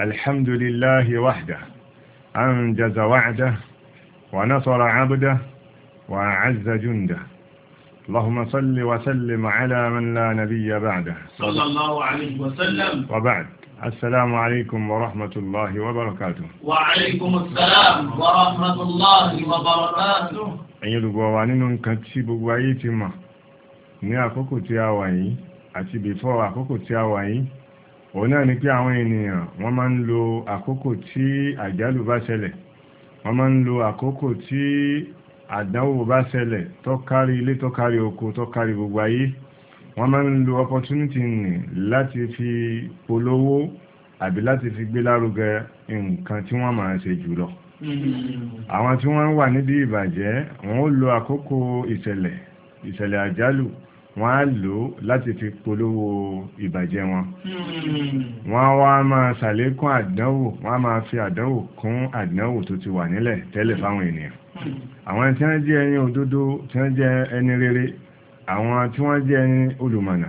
الحمد لله وحده أنجز وعده ونصر عبده وأعز جنده اللهم صل وسلم على من لا نبي بعده صلى الله عليه وسلم وبعد السلام عليكم ورحمة الله وبركاته وعليكم السلام ورحمة الله وبركاته ẹ̀yin olùgbọ́ wa nínú nǹkan tí gbogbo ayé ti mọ̀ ní òun náà ni pé àwọn ènìyàn wọ́n máa ń lo àkókò tí àjálù bá ṣẹlẹ̀ wọ́n máa ń lo àkókò tí àdánwò bá ṣẹlẹ̀ tó ilé tó oko tó gbogbo ayé wọ́n máa ń lo opportunity nì láti fi polówó àbí láti fi gbé lárugẹ nǹkan tí wọ́n máa ṣe jùlọ mm-hmm. àwọn tí wọ́n wà níbi ìbàjẹ́ wọ́n lo àkókò ìṣẹ̀lẹ̀ ìṣẹ̀lẹ̀ àjálù wọ́n á lò ó láti fi polówó ìbàjẹ́ wọn hmm. wọ́n wá máa ṣàlékún àdánwò wọ́n á máa fi àdánwò kún àdánwò tó ti wà nílẹ̀ tẹ́lẹ̀ fáwọn ènìyàn hmm. àwọn tí wọ́n jẹ́ ẹni òdodo tí wọ́n jẹ́ ẹni rere àwọn tí wọ́n jẹ́ ẹni olùmọ̀nà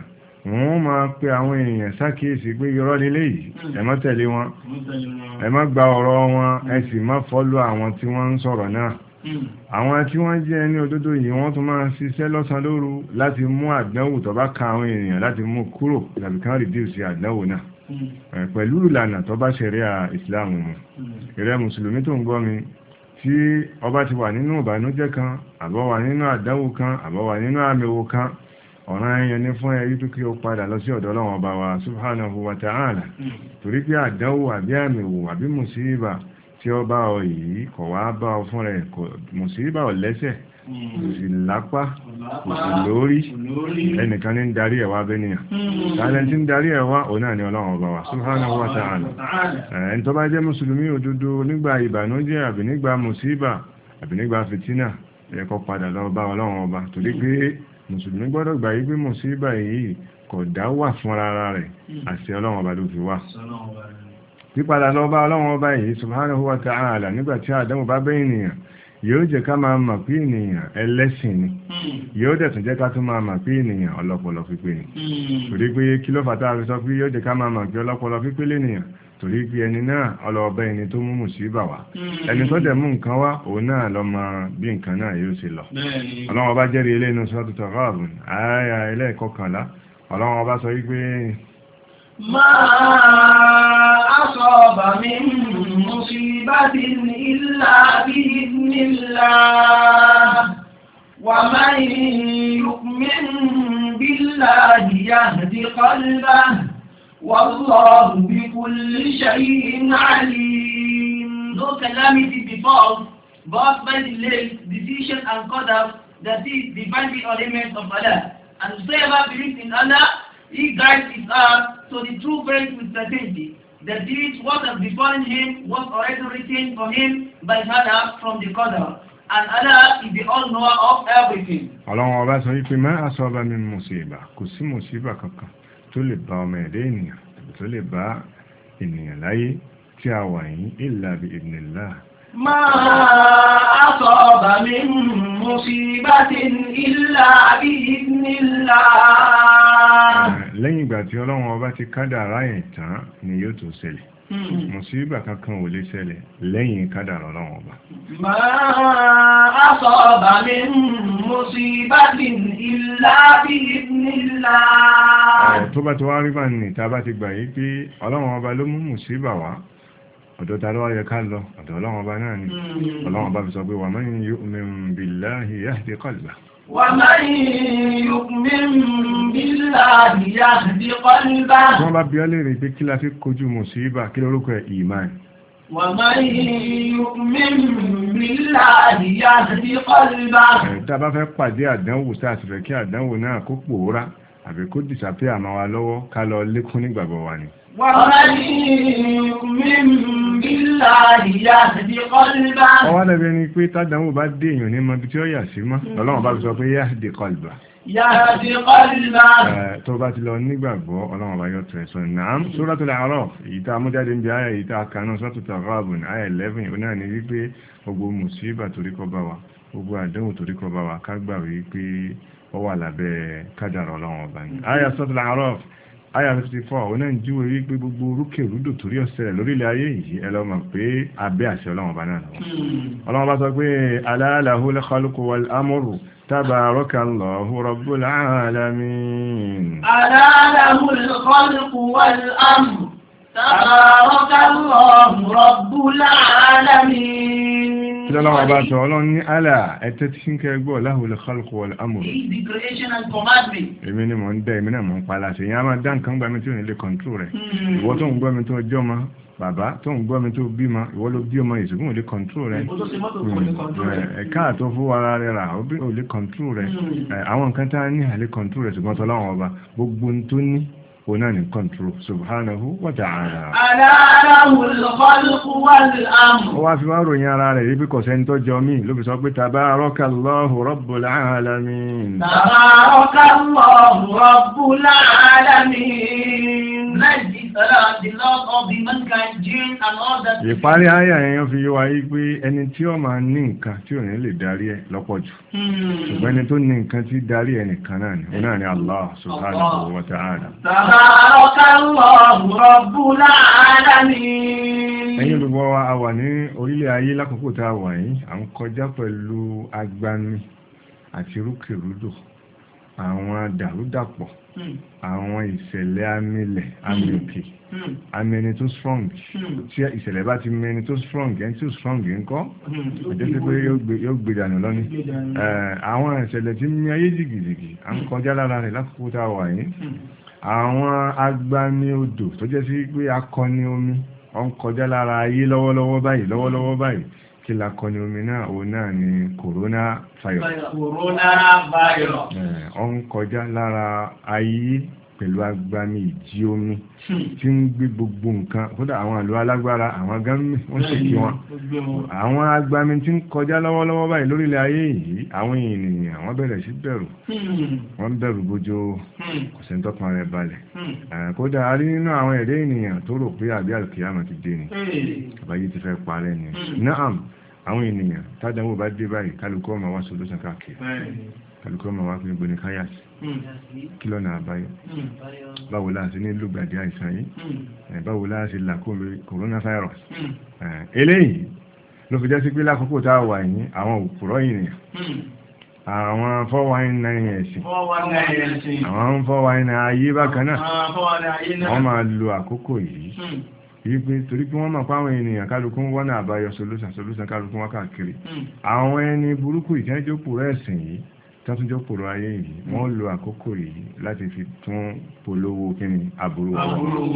wọ́n máa pe àwọn èèyàn sákìyèsí pé irọ́ nílé yìí ẹ má tẹ̀lé wọn hmm. ẹ má gba ọ̀rọ̀ wọn ẹ sì má fọ́lú àwọn tí wọ́n ń sọ̀rọ̀ náà àwọn tí wọ́n jẹ́ ẹni òdodo yìí wọ́n tún máa ṣiṣẹ́ lọ́sàn lóru láti mú àdánwò tó bá ka àwọn èèyàn láti mú kúrò tàbí kan reduce àdánwò náà hmm. eh, pẹ̀lú ìlànà tó bá ṣẹ̀ríà ìsìláàmù mu hmm. ìrẹ́ mùsùlùmí tó ń gbọ́ mi tí ọba ti wà nínú ìbànújẹ́ kan àbọ̀ wà nínú àdánwò kan àbọ̀ wà nínú àmìwò kan ọ̀ràn ẹyẹ ní fún ẹyí tó kí o padà lọ sí ọ̀dọ̀ Ọlọ́run ọba wa subhanahu wa ta'ala hmm. torí pé àdánwò àbí àmìwò àbí mùsíbà tí ó bá ọ yìí kọ̀ wá bá ọ fún rẹ̀ mùsíbà ọ̀ lẹ́sẹ̀ kò sì lápá kò sì lórí ẹnìkan ní ń darí ẹ̀wà abẹ́niyàn hmm. tààlẹ̀ ń darí ẹ̀wà òun náà ni ọlọ́run ọba wa subhanahu wa ta'ala ẹni tó bá jẹ́ mùsùlùmí òdodo nígbà ìbànújẹ́ àbí nígbà mùsíbà àbí nígbà fìtínà ẹ kó padà lọ bá ọlọ́run ọba torí pé mùsùlùmí gbọ́dọ̀ gbà yí pé mùsíbà yìí kò dá wà fúnra rẹ̀ hmm. àti ọlọ́run ọba ló fi wà pípadà lọ bá ọlọ́run ọba yìí subhanahu wa ta'ala nígbàtí àdánwò bá bẹ́ ènìyàn yóò jẹ́ ká máa mọ̀ pé ènìyàn ẹlẹ́sìn ni yóò dẹ̀ tún jẹ́ ká tún máa mọ̀ pé ènìyàn ọlọ́pọlọ pípé ni torí pé kí ló fàtà àfi sọ pé yóò jẹ́ ká máa mọ̀ pé ọlọ́pọlọ pípé lènìyàn torí pé ẹni náà ọlọ́ọ̀bẹ ẹni tó mú mùsíbà wá ẹni tó dẹ̀ mú nǹkan wá òun náà lọ mọ bí nǹkan náà yóò ṣe lọ ọlọ́run ọba jẹ́rìí eléyìí nínú sọ́tù tọ̀gọ́ọ̀bùn ààyà ẹlẹ́ẹ̀kọkànlá ọlọ́run ọba sọ wípé máa aṣọ ọ̀bà mi mú sí bàbí ilá bí nílá wà máa ń yùkmín bílá ìyá ìdíkọ́lá wàlúwàlú bí kò lè ṣe náà lè. No calamity befalls but by the late decision and qadar that is divine ornament of Allah and whoever believes in Allah He guides his heart to the true faith with certainty. The deeds what has befallen him was already written for him by Allah from the corner, And Allah is the all-knower of everything. Ọlọ́run ọba sọ wípé máa aṣọ ọba mi mùsíbà kò sí mùsíbà kankan tó lè bá ọmọ ẹ̀dẹ́ ènìyàn tó lè bá ènìyàn láyé tí a wà yìí ìlàbí ìbìnlá máa aṣọ ọ̀bà mi mùsíbátì ìlà ìnílà. lẹ́yìn ìgbà tí ọlọ́run ọba ti kádàrá ẹ̀ tán ni yóò tó ṣẹlẹ̀ hmm. mùsíbà kankan ò lè ṣẹlẹ̀ lẹ́yìn kádàrá ọlọ́run ọba. máa aṣọ ọ̀bà mi mùsíbátì ìlà ìnílà. tó bá ti wá rí bá ní ìta bá ti gbà yí pé ọlọ́run ọba ló mú mùsíbà wá ọ̀dọ̀ ta ló yẹ ká lọ ọ̀dọ̀ ọlọ́run ọba náà ni hmm. ọlọ́run ọba fi sọ pé wa man yu'min billahi yahdi qalbah wọ́n bá bí ọ léèrè pé kí la fi kojú mùsíbà kí lórúkọ ẹ̀ ìmáà Tá bá fẹ́ pàdé àdánwò sáà sì fẹ́ kí àdánwò náà kó pòórá àbí kó ومن يؤمن بالله يهد قلبه ọwọ́ dàbí ẹni pé tádàmú bá dé èèyàn ní mọ́ tí ó yà sí mọ́ hmm. lọ́lọ́wọ́ bá sọ pé yahdi qalba yahdi qalba tó bá ti lọ nígbàgbọ́ ọlọ́wọ́ bá yọ tẹ̀ náà Suratul A'raf ìta amújáde ń bí ìta kanú Suratul Taghabun aya 54 òun náà ń jíwò rí pé gbogbo orúkè rúdò torí ọ̀sẹ̀ rẹ̀ lórílẹ̀ ayé yìí ẹlọ́mọ̀ pé abẹ́ àṣẹ ọlọ́run bá náà lọ́wọ́ hmm. ọlọ́run bá sọ pé ala lahul khalqu wal amru tabarakallahu rabbul alamin ala lahul khalqu wal amru tabarakallahu rabbul alamin kí lọ́lọ́wọ́ bá sọ ọlọ́run ní àlà ẹ̀tẹ́ tí ń kẹgbọ́ láhùlẹ̀ kọlùkù wọlé amòrò èmi ni mò ń dẹ èmi náà mò ń pa láṣẹ ìyá máa dá nǹkan gbàmí tí ò ní lè kọ̀ǹtró rẹ̀ hmm. ìwọ tó ń gbọ́mi tó ọjọ́ ma bàbá tó ń gbọ́mi tó bí ma ìwọ ló bí ọmọ ìṣògùn ò lè kọ̀ǹtró rẹ̀ hmm. ẹ̀ka àtọ́ fún ara rẹ̀ rà ò lè kọ̀ǹtró rẹ̀ hmm. àwọn nǹkan tá a ní òun náà ní control subhanahu wa ta'ala. aláàláwò lọ́kọ́lùkù wà láàmù. ó wá fi máa ròyìn ara rẹ̀ wípé kò sẹ́ni tó jọ mí ló fi sọ pé ìparí ayé ẹ̀yàn fi yíwa yí pé ẹni tí ó máa ní nǹkan tí ò ní lè darí ẹ lọ́pọ̀ jù hmm. ṣùgbọ́n ẹni tó ní nǹkan tí darí ẹ nìkan náà ni ọ̀nà ni Allah subhanahu wa ta'ala ẹ̀yin olùgbọ́ wa a wà ní orílẹ̀ ayé lákòókò tá a wà yìí à ń kọjá pẹ̀lú agbami àti rúkèrúdò àwọn dàrúdàpọ̀ hmm. àwọn ìṣẹ̀lẹ̀ amílẹ̀ amílẹ̀ hmm. amẹni hmm. tó strong tí ìṣẹ̀lẹ̀ bá ti mẹni tó strong ẹni tó strong ń kọ́ ẹ̀jẹ̀ tí pé yóò gbé dànù lọ́ní eh, àwọn ìṣẹ̀lẹ̀ tí mi ayé jìgìjìgì à ń kọjá lára rẹ̀ lákòókò tá a wà yìí àwọn agbami odò tó jẹ́ sí pé akọni omi ó ń kọjá lára ayé lọ́wọ́lọ́wọ́ báyìí lọ́wọ́lọ́wọ́ báyìí kí la kọ ní omi náà òun náà ni corona virus corona virus ọ ń kọjá lára ayé pẹ̀lú agbami ìdí omi tí ń gbé gbogbo nǹkan kódà àwọn àlọ́ alágbára àwọn agbami wọ́n sì kí wọn àwọn agbami tí ń kọjá lọ́wọ́lọ́wọ́ báyìí lórílẹ̀ ayé yìí àwọn ènìyàn wọ́n bẹ̀rẹ̀ sí bẹ̀rù wọ́n ń bẹ̀rù bójó kò sẹ́ni tọ́kàn rẹ̀ balẹ̀ kódà a rí nínú àwọn ẹ̀dẹ́ ènìyàn tó rò pé àbí àlùkìyàmọ̀ ti dé ni àbáyé ti fẹ́ parẹ́ ni naam àwọn ènìyàn tádánwò bá dé báyìí kálukọ́ ma wá solution káàkiri kálukọ́ ma wá fún ìgbóni káyàsì kí lọ́nà àbáyọ báwo láti ní lùgbàdì àìsàn yìí báwo láti làkóòrò coronavirus eléyìí ló fi jẹ́ sí pé lákòókò tá a wà yìí àwọn òpùrọ́ ènìyàn àwọn fọ́wàáyínà ẹ̀sìn àwọn fọ́wàáyínà ayé bákan náà wọ́n máa lo àkókò yìí wípé torí pé wọ́n mọ̀ páwọn ènìyàn kálukún wọ́n náà àbáyọ solúsàn solúsàn kálukún wọ́n káàkiri hmm. àwọn ẹni burúkú ìtẹ́jọ́pò rẹ̀ sìn yìí tọ́túnjọ́pò rọ ayé yìí hmm. wọ́n lo àkókò yìí láti fi tún polówó kíni àbúrò wọn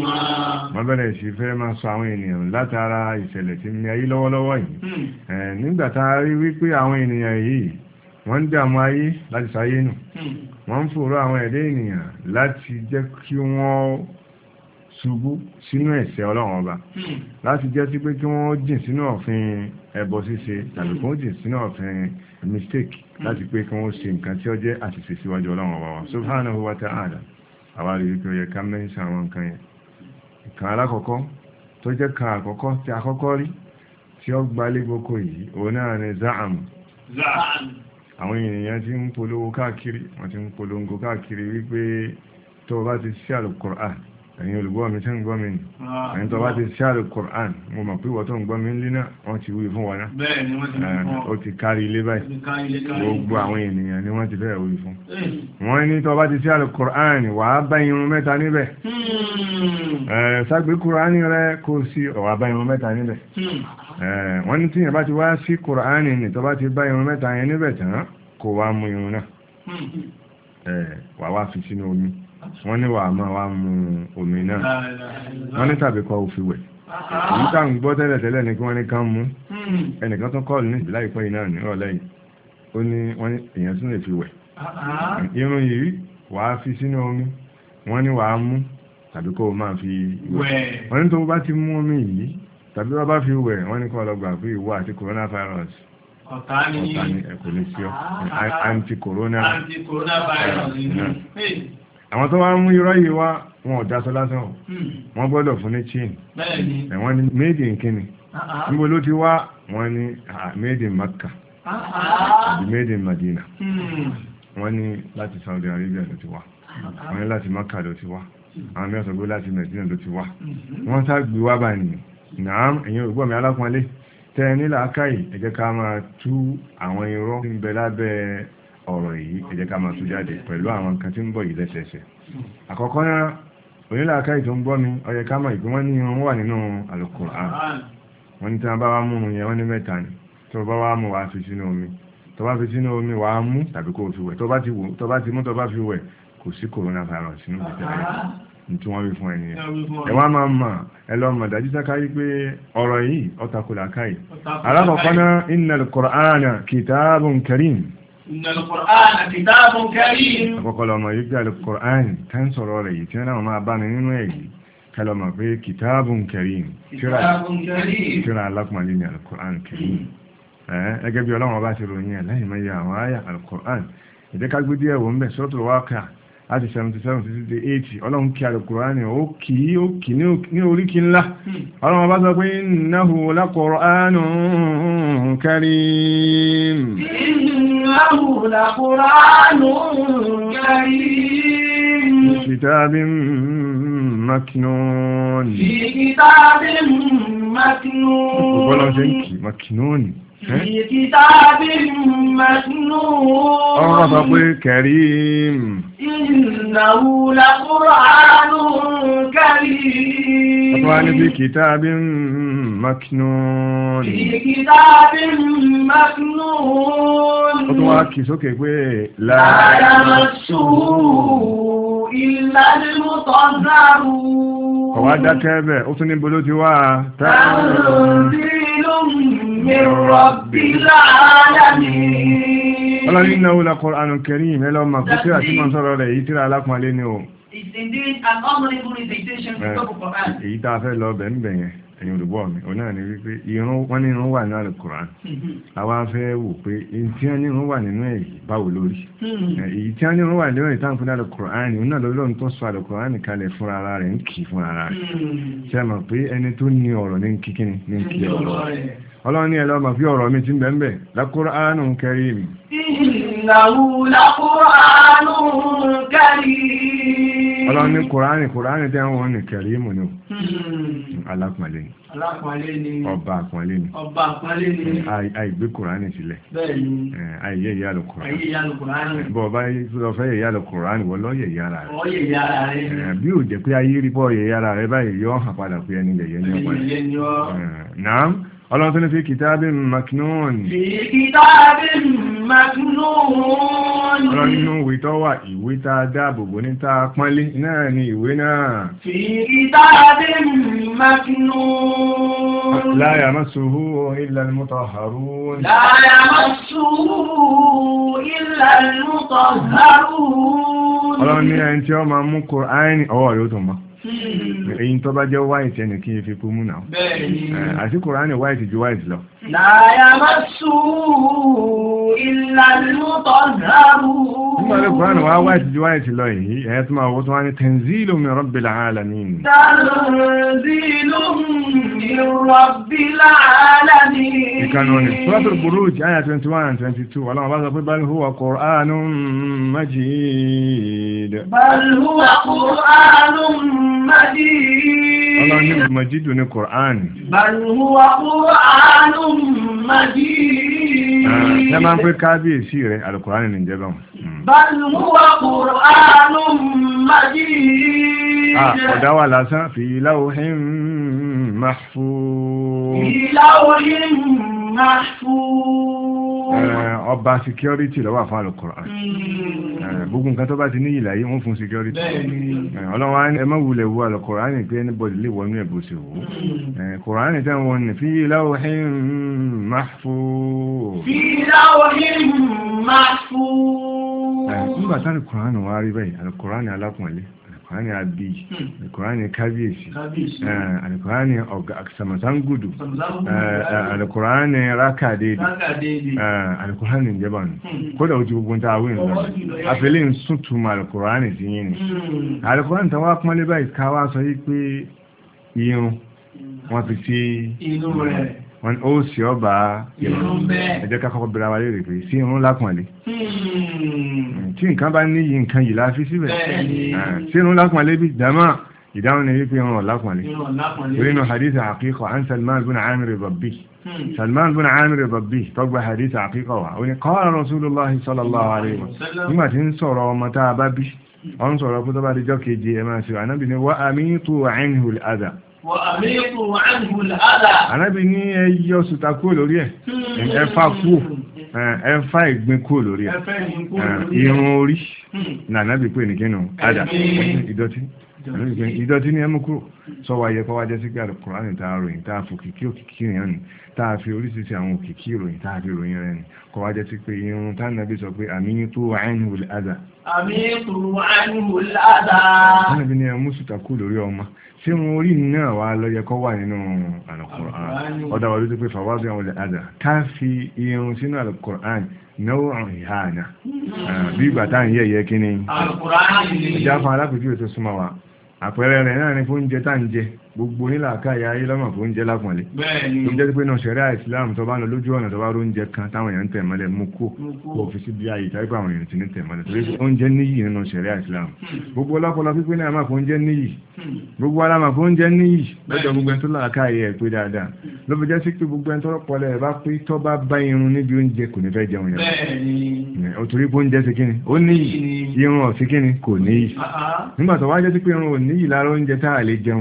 wọ́n bẹ̀rẹ̀ sí fẹ́ máa sọ àwọn ènìyàn látara ìṣẹ̀lẹ̀ tí mi ayé lọ́wọ́lọ́wọ́ yìí hmm. nígbà tá a rí wípé àwọn ènìyàn yìí wọ́n ń dààmú ayé láti sáyé nù wọ́n ń fòrò àwọn ẹ̀dẹ́ ènìyàn láti jẹ́ kí wọ́n ṣubú sínú ẹ̀ṣẹ̀ ọlọ́run ọba hmm. láti jẹ́ sí pé kí wọ́n jìn sínú ọ̀fin ẹbọ ṣíṣe tàbí kí wọ́n jìn sínú ọ̀fin mistake hmm. láti pé kí wọ́n ṣe nǹkan tí ó jẹ́ àṣìṣe síwájú ọlọ́run ọba wa subhanahu wa ta'ala àwa rí wípé ó yẹ ká mẹ́rin sí àwọn nǹkan yẹn ìkan alákọ̀ọ́kọ́ tó jẹ́ kan àkọ́kọ́ tí akọ́kọ́ rí tí ó gbalé gboko yìí òun náà ni zaamu àwọn ènìyàn ti ń polówó káàkiri wọ́n ti ń polongo káàkiri wípé tó bá ti sí àlùkùránì ẹ̀yin olùgbọ́ mi tí ń gbọ́ mi nì ah. ẹ̀yin tó bá ti ṣáàlù Qur'an mo mọ̀ pé wọ́n tó ń gbọ́ mi líná wọ́n ti wí fún wa ná ó ti kárí ilé báyìí gbogbo àwọn ènìyàn ni wọ́n ti fẹ́ wí fún wọ́n ní tó bá ti ṣáàlù Qur'an wà á bá irun mẹ́ta níbẹ̀ ságbé hmm. Qur'an rẹ kó sí wà bá irun mẹ́ta níbẹ̀ hmm. wọ́n ní tíyẹn bá ti wá sí Qur'an ni tó ti bá irun mẹ́ta yẹn níbẹ̀ tán kò wá mú irun náà hmm. wà wá fi sínú omi wọ́n ní wàá máa wá mu omi náà wọ́n ní tàbí kọ́ òfin wẹ̀ èyí tá à ń gbọ́ tẹ́lẹ̀ tẹ́lẹ̀ ni kí wọ́n ní ká mú hmm. ẹnìkan tó kọ́ọ̀lù ní ìbílá ìpẹ́ iná ní ọ̀lẹ́ yìí ó ní wọ́n ní èèyàn tún lè fi wẹ̀ uh-huh. irun yìí wàá fi sínú omi wọ́n ní wàá mú tàbí kó o máa fi wẹ̀ wọ́n ní tó bá ti mú omi yìí tàbí wọ́n bá fi wẹ̀ wọ́n ní kó ọlọ́gbà fún ìwọ àti coronavirus ọ̀tá ní ẹ̀kọ́ ní sí ọ ah, ah, ah. anti-coronavirus àwọn tó wá mú irọ́ yìí wá wọn ò dáṣọ lásán ọ̀ hmm. wọ́n gbọ́dọ̀ fún ní chain ẹ̀wọ́n ni made in kíni ah, ah. níbo ló ti wá wọ́n ní ah, made in Makka àti made in Madina hmm. wọ́n ní láti Saudi Arabia ló ti wá wọ́n ní láti Makka ló ti wá hmm. àwọn mẹ́sàn gbé láti Medina ló ti wá wọ́n sá gbé wá bá nìyẹn nàám ẹ̀yin ògbọ́n mi alákùnrin tẹ́ nílà káyì ẹ̀jẹ̀ ká máa tú àwọn irọ́ ń lábẹ́ ọ̀rọ̀ yìí ẹ jẹ́ ká máa tú jáde pẹ̀lú àwọn nǹkan tí ń bọ̀ yìí lẹ́sẹẹsẹ àkọ́kọ́ náà onílàáká ìtò ń gbọ́ mi ó ká mọ̀ ìpín ní wọn wà nínú Al-Qur'an wọ́n ní tí wọ́n bá wá mú yẹn wọ́n ní mẹ́ta ni tó bá wá mú wá fi sínú omi tó bá fi sínú omi wá mú tàbí kó fi wẹ̀ tó bá ti mú tó bá fi wẹ̀ kò sí coronavirus nínú ìtẹ̀lẹ́ Àkọ́kọ́ lọ́mọ yìí gbé Al-Qur'an tá ń sọ̀rọ̀ rẹ̀ yìí tí wọ́n náà máa bá ní nínú èyí kẹlọ́mọ̀ pé Kitabun Karim tíra alákùnmọ̀lé ní Al-Qur'an Karim. Ẹgẹ́ bí Ọlọ́run bá ti ròyìn ẹ̀ láì mẹ́yà àwọn àyà Al-Qur'an. Ìdẹ́kágbé ń bẹ̀ sọ́tò wákà láti 77 títí dé 80 ọlọ́run kí alùkùránì ó kì í ó kì ní oríkì ńlá ọlọ́run bá sọ pé innahu laqur'anun karim innahu laqur'anun karim fi kitabin maknun fi kitabin maknun ọgbọ́n ṣe ń kì maknun Ọ̀rọ̀ sọ pé kẹrìm. Ìnáwó lápúrọ̀ àánú kẹrìm. Ọ̀tọ́ wá níbi kìtàbí maknún. Kìtàbí maknún. Ó tún wá kì sókè pé láàárá mọ́sù ìlànà mọ́tọ̀ záàrù. Ọ̀wá dákẹ́ bẹ̀, ó tún níbo ló ti wá. ọlọ́ni iná wúlá Kùránù Karim ẹlọ ma kú tíra tí wọ́n sọ̀rọ̀ rẹ̀ yìí tíra alákùnlé ní o èyí tá a fẹ́ lọ bẹ̀ ń bẹ̀ o náà ni wípé wọ́n ní irun wà mm-hmm. fẹ́ wò pé ní irun wà nínú báwo lórí mm-hmm. èyí tí ní irun wà nínú náà tó sọ kalẹ̀ rẹ̀ ń kì mm-hmm. mọ̀ pé ẹni tó ní ọ̀rọ̀ ní ní ọlọ́run ní ẹlọ́mà fí ọ̀rọ̀ mi ti ń bẹ̀m̀bẹ̀ lákúránù kẹrìm ọlọ́run ní kùránì kùránì tẹ́ wọ́n ní kẹrìmù ní hmm. alápọ̀lẹ́ ni ọba àpọ̀lẹ́ ni àìgbé kùránì sílẹ̀ àìyẹ ìyálò kùránì bọ̀ bá lọ fẹ́ ìyálò kùránì wọ́n lọ́yẹ̀ ìyára rẹ̀ bí ò jẹ́ pé ayé rí bọ́ ìyára rẹ̀ báyìí yọ́ hàn padà pé ẹni yẹ̀yẹ́ ní ọ̀pọ̀ اللهم صل في كتاب مكنون في كتاب مكنون رنو ويتوا ويتا داب بنتا قمالي ناني وينا في كتاب مكنون لا يمسه إلا المطهرون لا يمسه إلا المطهرون اللهم صل في كتاب مكنون اللهم صل في كتاب مكنون èyí tó bá jẹ́ white ẹnì kí n fi pé mú náà àti kùránì white ju white lọ. لا يمسه إلا المطهرون ثم القرآن وهو جواية الله يسمع هو تنزيل من رب العالمين تنزيل من رب العالمين إيه كانوني سورة البروج آية 21 22 الله بعض بل هو قرآن مجيد بل هو قرآن مجيد الله نبي مجيد ونقرآن بل هو قرآن Ṣé máa ń pé kábíyèsí rẹ̀ alùkùránì ní ìjẹ́bẹ̀ wọn? Hmm. Bàlùmúwà Kùránù Màjíìd. Ọ̀dá wà lásán fi láwòhín máa fún. Ìláwòhín máa fún. Eh, ọba security lọ́wọ́ fún Al-Qur'an hmm. eh, gbogbo nǹkan tó bá ti ní ìlà yìí wọ́n fún security eh, ọlọ́wọ́ ẹ má wulẹ̀ wo Al-Qur'an pé anybody lè wọnú ẹ̀bù sí wò Qur'an tẹ́ wọn ní fi lawhin mahfuz fi lawhin mahfuz nígbà tá Al-Qur'an wá rí báyìí Al-Qur'an alákùnrin alkùránì àbí alkùránì kábíyèsí alkùránì samasangudu alkùránì rákàdédé alkùránì ìjẹba nù hmm. kódà ojú gbogbo ta awé nù àfẹ́lẹ́ ń sútùmọ̀ alkùránì sí yín ni hmm. alkùránì tàwọn apọ́nlé báyìí káwá sọ yí pé irun hmm. wọ́n fi wọ́n ó sì ọ́ bá irun ẹ̀jẹ̀ ká kọ́kọ́ bẹ̀rẹ̀ wa léèrè pé sí irun lápọ̀nlé hmm. tí nǹkan bá ní yìí nǹkan yìí láfi síbẹ̀ sí ah, irun lápọ̀nlé bí jama ìdáhùn ni wípé irun lápọ̀nlé torí inú hadith àkíkọ̀ an Salman bin Amir Rabbi hmm. Salman bin Amir Rabbi tọ́gbà hadith àkíkọ̀ wa ó ní qala Rasulullah sallallahu alayhi wa sallam nígbà tí ń sọ̀rọ̀ ọmọ tá a bá bí ọ ń sọ̀rọ̀ kó tó bá di jọ́ ẹ̀ máa ṣe ànábì ni wà á mi tó àìníhùl àdà Ànábì ní yọ ọ̀sùta kúrò lórí ẹ̀, hmm. ẹfà kúrò, ẹfà ìgbín kúrò lórí ẹ̀, irun orí, hmm. nà ànábì pè ní kínú, àdà, ìdọ̀tí. ìdọ̀tí ni ẹ mú kúrò sọ́wọ́ ayẹ kọ́wá jẹ́ sí pé àlùkùránì tá a ròyìn tá a fi òkìkí òkìkí rẹ̀ nì tá a fi oríṣiríṣi àwọn òkìkí ìròyìn tá a fi ròyìn rẹ̀ nì kọ́wá jẹ́ sí pé irun tá nàbí sọ pé àmì tó wà ẹ̀yìn wòlé àdá. àmì tó wà ẹ̀yìn wòlé àdá. tánàbí ni ẹ mú sùtà kú lórí ọmọ àwọn àdá ká hmm. bí ìgbà táà ń yẹ̀yẹ́ kí ni. ìjà fún alákòjú ètò súnmọ́ wa àpẹẹrẹ rẹ̀ náà ni fún oúnjẹ tá ń jẹ gbogbo nílà káyà ayé lọ́mọ̀ fún oúnjẹ lápọ̀nlé tó jẹ́ pé náà ṣẹ̀rẹ́ àìsíláàmù tó bá lọ lójú ọ̀nà tó bá róúnjẹ kan táwọn èèyàn ń tẹ̀ mọ́lẹ̀ mú kó kó fi sí bí ayé tàbí àwọn èèyàn ti ní tẹ̀ mọ́lẹ̀ torí oúnjẹ níyì nínú ṣẹ̀rẹ́ àìsíláàmù hmm. gbogbo ọlọ́pọlọ pípé náà máa fún oúnjẹ níyì hmm. gbogbo aláma fún oúnjẹ níyì lọ́jọ́ gbogbo ẹni tó là káyà ẹ̀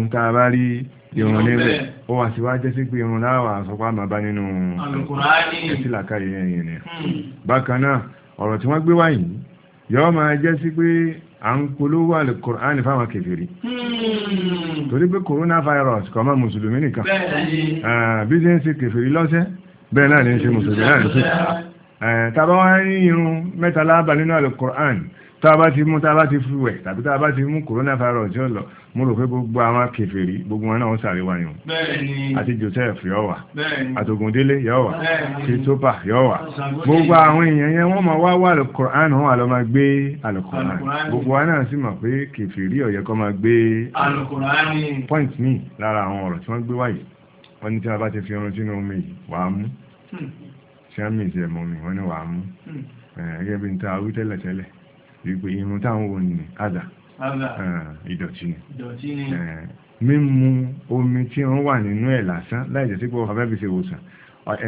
pé lára oúnjẹ irun níbẹ̀ ó wà sí wá jẹ́ sí pé irun láwà àsọpá máa bá nínú ẹ̀sìlàkàrí ẹ̀yìn rẹ̀ bákan náà ọ̀rọ̀ tí wọ́n gbé wá yìí yọ́ máa jẹ́ sí pé à ń polówó alìkùránì fáwọn kèfèrí hmm. torí pé coronavirus kò mọ́ mùsùlùmí nìkan ah, bí ṣe ń ṣe kèfèrí lọ́sẹ̀ bẹ́ẹ̀ náà ní ṣe mùsùlùmí náà ní ṣe tàbá wá ní irun mẹ́ta lábà nínú alìkùránì tàbá ti mú tàbá ti fi wẹ̀ tàbí tàbá ti mú corona virus jọ lọ mo rò pé gbogbo àwọn kèfèrí gbogbo wọn náà wọ́n sàrí wa yùn àti Joseph yọ wà àtògùndélé yọ wà kìtópà yọ wà gbogbo àwọn èèyàn yẹn wọ́n máa wá wà alukoran wọn àlọ́ máa gbé alukoran gbogbo wa náà sì mọ̀ pé kèfèrí ọ̀yẹ́ kọ́ máa gbé alukoran point mi lára àwọn ọ̀rọ̀ tí wọ́n gbé wáyé wọ́n ní tí wọ́n bá ti fi ọrùn sínú omi wàá mú ṣé hmm. àmì ìṣẹ̀mọ̀ mi wọ́n ní wàá mú hmm. gẹ́gẹ́ bí n ta awí tẹ́lẹ̀tẹ́lẹ̀ wípé irun táwọn òun ni àdà ìdọ̀tí ni mímu omi tí wọ́n wà nínú ẹ̀ lásán láìjẹ́ sí pé ọkọ̀ fẹ́ fi ṣe ìwòsàn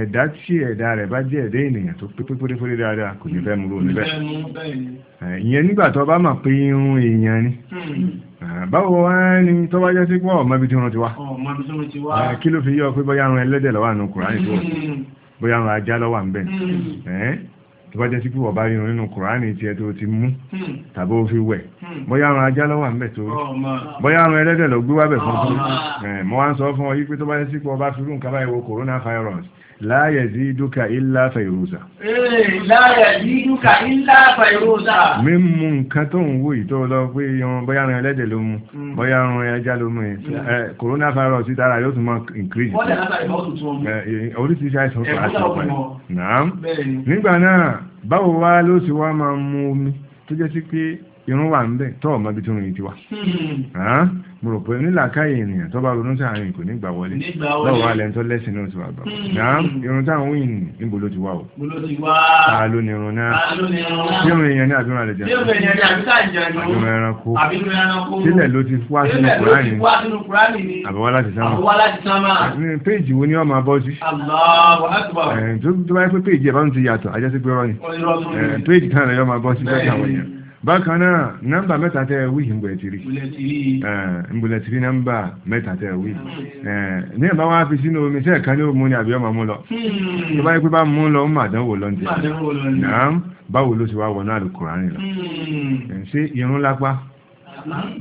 ẹ̀dá tí ẹ̀dá rẹ̀ bá jẹ́ ẹ̀dá ènìyàn tó pípé pérépéré dáadáa kò ní fẹ́ mú lónìí bẹ́ẹ̀ ìyẹn nígbà tó bá mà pé irun èèyàn ni hmm. báwo wá ní tó bá jẹ́ sí pọ̀ ọmọbi tí wọ́n ti wá kí ló fi yọ pé bóyá rán ẹlẹ́dẹ̀ lọ́wọ́ àánú kùránì tó hmm. bóyá rán ajá lọ́wọ́ à ń bẹ̀ hmm tó bá jẹ́ sí pé wọ́n bá rí irun nínú kùránì tí ẹ tó ti mú hmm. tàbí ó fi wẹ̀ hmm. bóyá arun ajá lọ́wọ́ àmì tó rí bóyá arun ẹlẹ́dẹ̀ lọ gbé wábẹ̀ fún fún oh, mọ́ wá ń sọ fún ọ yí pé tó bá jẹ́ sí pé wọ́n fi rú nǹkan báyìí wo coronavirus la yaziduka illa fayruza eh la yaziduka illa fayruza min mun kan tó ń wò ito lọ pé yan bóyá ran ẹlẹ́dẹ̀ ló mú hmm. bóyá ran ẹja ló mú eh corona virus dára yóò tún máa increase o le na ta tún eh orí ti sai so pa naam nígbà náà báwo wá ló sì wá máa mu omi tó jẹ́ sí pé irun wà ńbẹ̀ tó mọ bí tún yin ti wà ah mo rò pé nílàákàyè ènìyàn tó bá ronú sáàrin kò nígbà wọlé lọ́wọ́ alẹ́ tó lẹ́sìn náà ti wà gbà hmm. náà irun táwọn wí ní níbo ló ti wá o ta ló ní irun náà tí irun èèyàn ní àbírun àlejò àbírun ẹranko sílẹ̀ ló ti wá sínú kùránì ni àbọ̀wá láti sámà ní péèjì wo ni wọ́n máa bọ́ sí tó bá yẹ pé péèjì ẹ̀ bá ń ti yàtọ̀ ajá sí pé rọ́ọ̀yìn péèjì kan rẹ̀ yọ máa bọ́ sí fẹ́ bákan náà nọ́mbà mẹ́ta tẹ́ wí ìgbẹ̀ ti rí ìgbẹ̀lẹ̀ ti rí nọ́mbà mẹ́ta tẹ́ wí ní ẹ̀bá wá fi sínú omi sẹ́ẹ̀ká ní òmú ní àbí ọmọ mú lọ hmm. tó bá ipé bá mú lọ ó mà dánwò lọ ní náà báwo ló ti wá wọnú àlùkùránì lọ hmm. ṣé irun lápá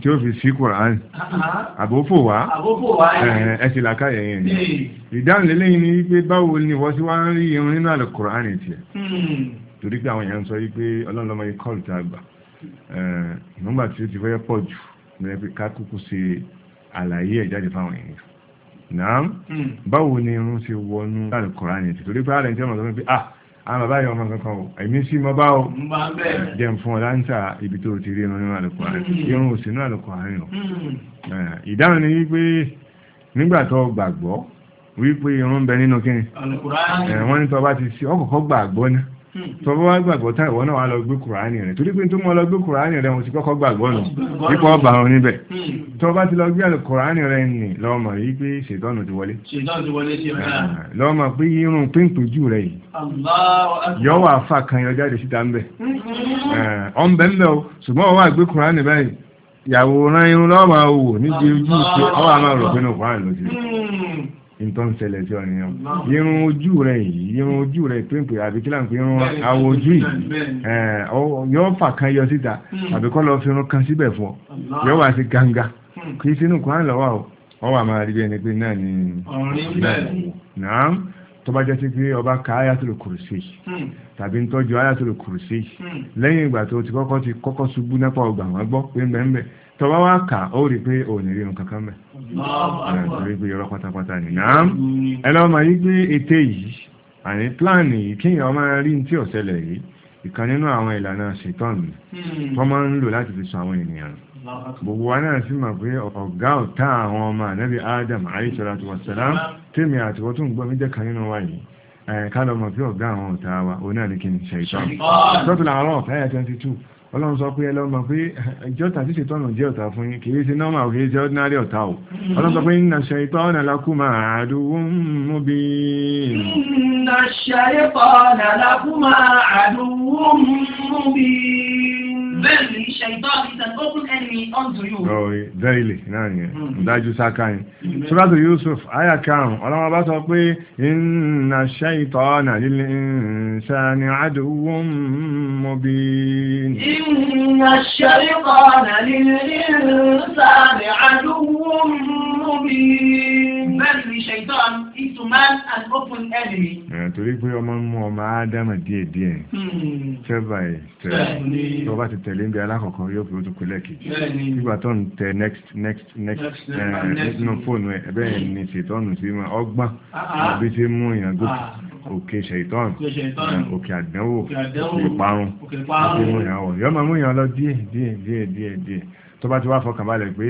tí ó fi sí kùránì àbófò wá ẹ̀sìn làkàyẹ̀ yẹn ni hmm. ìdánilélẹ́yìn ni wípé báwo ni wọ́n sí wá ń rí irun nínú àlùkùránì tiẹ̀ torí pé àwọn èèyàn sọ wípé ọlọ́run lọ́mọ ikọ́ ìta àgbà nígbà tí ó ti fẹ́ pọ̀ jù lẹ́yìn pé ká kúkú ṣe àlàyé ẹ̀ fáwọn èèyàn náà hmm. báwo ni irun ṣe wọnú Al-Kùránì ti torí pé ààrẹ ìjọba sọ pé ah àwọn bàbá yọ ọmọ kankan o èmi sí mọ bá o jẹun fún ọ láńtà ibi tó ti rí irun nínú Al-Kùránì hmm. irun ò sí nínú Al-Kùránì o hmm. ìdáhùn ni wípé nígbà tó gbàgbọ́ wípé irun bẹ nínú kíni wọ́n ní tó bá ti sí ọkọ̀ọ̀kọ̀ gbàgbọ́ náà tọ́bọ́ wá gbàgbọ́ tá ìwọ náà wá lọ gbé kùránì rẹ̀ torí pé tó mọ́ lọ gbé kùránì rẹ̀ wọ́n ti kọ́kọ́ gbàgbọ́ nù nípa ọba àwọn tọ́ bá ti lọ gbé àlù rẹ̀ nì lọ́mọ yìí pé ṣètọ́nù ti wọlé ah, lọ́mọ pé irun pínpín rẹ̀ yìí ọ̀nbẹ̀ eh, ń bẹ̀ o ṣùgbọ́n ní tó ń ṣẹlẹ̀ sí ọ̀rìn yàn irun ojú rẹ̀ yìí irun ojú rẹ̀ pínpín àbí kí láǹpín irun awọ ojú yìí yóò fà kan yọ síta hmm. àbí kọ́ lọ fi irun kan síbẹ̀ fún ọ yóò wá sí ganga hmm. kì í sínú kan lọ́wọ́ ọ wà máa rí bí ẹni pé náà ni ọ̀rìn bẹ́ẹ̀ tó bá jẹ́ sí pé ọba ka ayatul kùrùsí hmm. tàbí ń tọ́jú ayatul kùrùsí hmm. lẹ́yìn ìgbà tó ti kọ́kọ́ ti kọ́kọ́ ṣubú nípa ọgbà wọn gbọ́ pé mẹ́mẹ́ tó bá wá kà ó rí pé ò ní rí ohun kankan mẹ́ rí pé irọ́ pátápátá ni náà ẹ lọ́ máa yí pé ète yìí àní pláàni yìí kéèyàn máa rí ní tí ọ̀sẹ̀lẹ̀ yìí ìkan nínú àwọn ìlànà ṣètọ́nù hmm. tó máa ń lò láti fi sọ àwọn ènìyàn gbogbo wa náà sì mọ̀ pé ọ̀gá ọ̀tá àwọn ọmọ ànábì Adam alayhi salatu wassalam tèmi àti wọ́n tún gbọ́ mi jẹ́ kan nínú wa yìí ká lọ mọ̀ pé ọ̀gá àwọn ọ̀tá wa òun náà ní kí ni ṣèṣọ́ sọ́tún àwọn ọ̀tá yà 22 ọlọ́run sọ pé ẹ lọ́mọ pé ìjọta tí ṣètọ́nà jẹ́ ọ̀tá fún yín kìí ṣe nọ́mà ò kìí ṣe ordinary ọ̀tá o ọlọ́run sọ pé inna shaytana lakum aduwwun mubin. inna shaytana lakum aduwwun mubin. Verily, Shaitan is an open enemy unto you. Oh, verily, náà ni ẹ̀. Hmm. Dájú sáká yìí. Suratu Yusuf, àyà karùn-ún, ọlọ́wọ́ bá sọ pé, Inna shaitana lil insani aduwwun mubin. Inna shaitana lil insani aduwwun mubin. Verily, Shaitan is to man an open enemy. Torí pé ọmọ mú ọmọ Ádámà díẹ̀díẹ̀. Step by step. Tó bá ti tẹ̀ tẹ̀lé ń bẹ alákọ̀ọ́kọ́ yóò fi ojú pẹ̀lẹ́ kejì nígbà tó ń tẹ next next next nínú eh, fóònù ẹ̀ bẹ́ẹ̀ ni ṣètọ́nù sí ọgbọ́n ah, ah. àbí tí mú ìyàn gòkè ah. òkè ṣètọ́n eh, òkè àdánwò ìparun àti mú ìyàn wọ̀ yọ́ máa mú ìyàn lọ díẹ̀ díẹ̀ díẹ̀ díẹ̀ díẹ̀ tó bá ti wá fọkàn balẹ̀ pé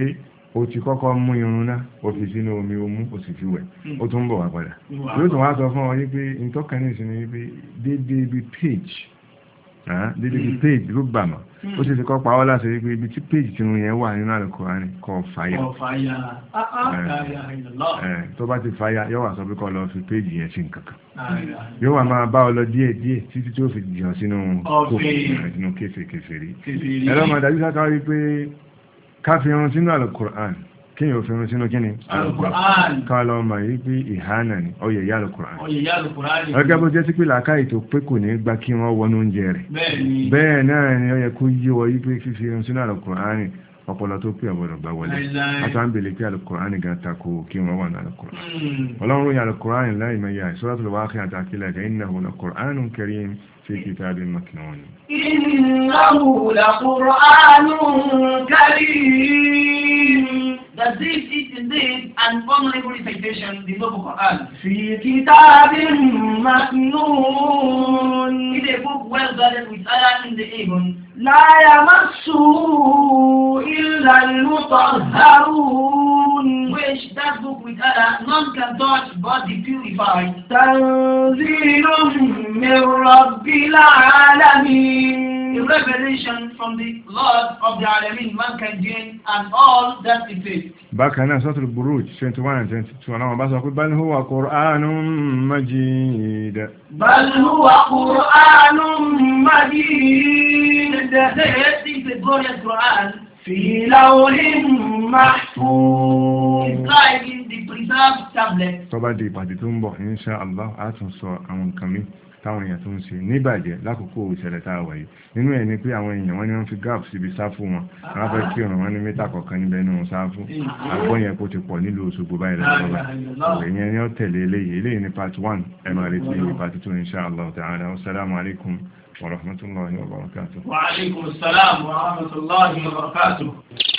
o ti kọ́kọ́ mú irun náà o fi sínú omi omú o sì fi wẹ̀ hmm. o tún bọ̀ wá padà hmm. yóò tún wá sọ fún ọ yí pé ntọ́kànnì sí ni pé déédéé bíi page dídí ti péjì ló bà mọ́ ó sì ti kọ́ pa ọ́ láti rí pé ibi tí péjì tí wọ́n yẹn wà nínú Al-Kùránì kọ́ fàyà ah, ah, tó bá ti fàyà yóò wà sọ pé kọ́ lọ fi péjì yẹn sí nǹkankan yóò wà máa bá ọ lọ díẹ̀ díẹ̀ títí tí ó fi jìyàn sínú kófìrì kéfèrí ẹ̀rọ màdájú sáká rí pé káfíhàn sínú Al-Kùránì kí yóò fẹ́rún sínú kí ni ká lọ mọ̀ yí pé ìhánà ni ọyẹ̀ yà Al-Kùránì ọgá bó jẹ́ sí pé làákà ètò pé kò ní gbá kí wọ́n wọnú oúnjẹ rẹ̀ bẹ́ẹ̀ náà ni ọyẹ̀ kó yí wọ yí pé fífi irun sínú Al-Kùránì ọpọlọ tó pè ọ̀bọ̀dọ̀ bá wọlé àtàbílẹ̀ pé Al-Kùránì ga tako kí wọ́n wà ní al hmm. ọlọ́run yà Al-Kùránì láì mẹ́yà Suratul Waqi'a àtàkílẹ̀ ẹ̀gẹ́ innahu Al-Qur'anun Karim fi kitabin maknun innahu that this is indeed an honorable recitation in the book of Quran. في كتاب مكنون. It is a book well guarded with iron in the heaven. لا يمسه إلا المطهرون. Which that book with Allah, none can touch but the purified. تنزيل من رب العالمين a revelation from the Lord of the Alamin, man can gain and all that it is. Bákan náà sọ́tùrù Buruj one and 22 ọ̀nà ọ̀bá sọ pé bal huwa Qur'anun majid. Bal huwa Qur'anun majid. This is the glorious Quran. في لوح محفوظ. Inside in the preserved tablet. Tọ́ba di ìpàdé tó ń bọ̀, insha Allah, a tún sọ àwọn nǹkan mi táwọn èèyàn tó ń ṣe níbàjẹ́ lákòókò ìṣẹ̀lẹ̀ tá a wà yìí nínú ẹ̀ ni pé àwọn èèyàn wọ́n ní wọ́n fi gap síbi sáfù wọn wọ́n fẹ́ kí ọ̀ràn wọn ní mítà kọ̀ọ̀kan níbẹ̀ nínú sáfù àgbọ̀n yẹn kó ti pọ̀ nílùú Òṣogbo báyìí lọ́wọ́ bá ìyẹn ni ó tẹ̀lé eléyìí eléyìí ni part one ẹ máa retí part two insha Allah ta'ala assalamu alaikum wa rahmatullahi wa barakatuh. wa alaikum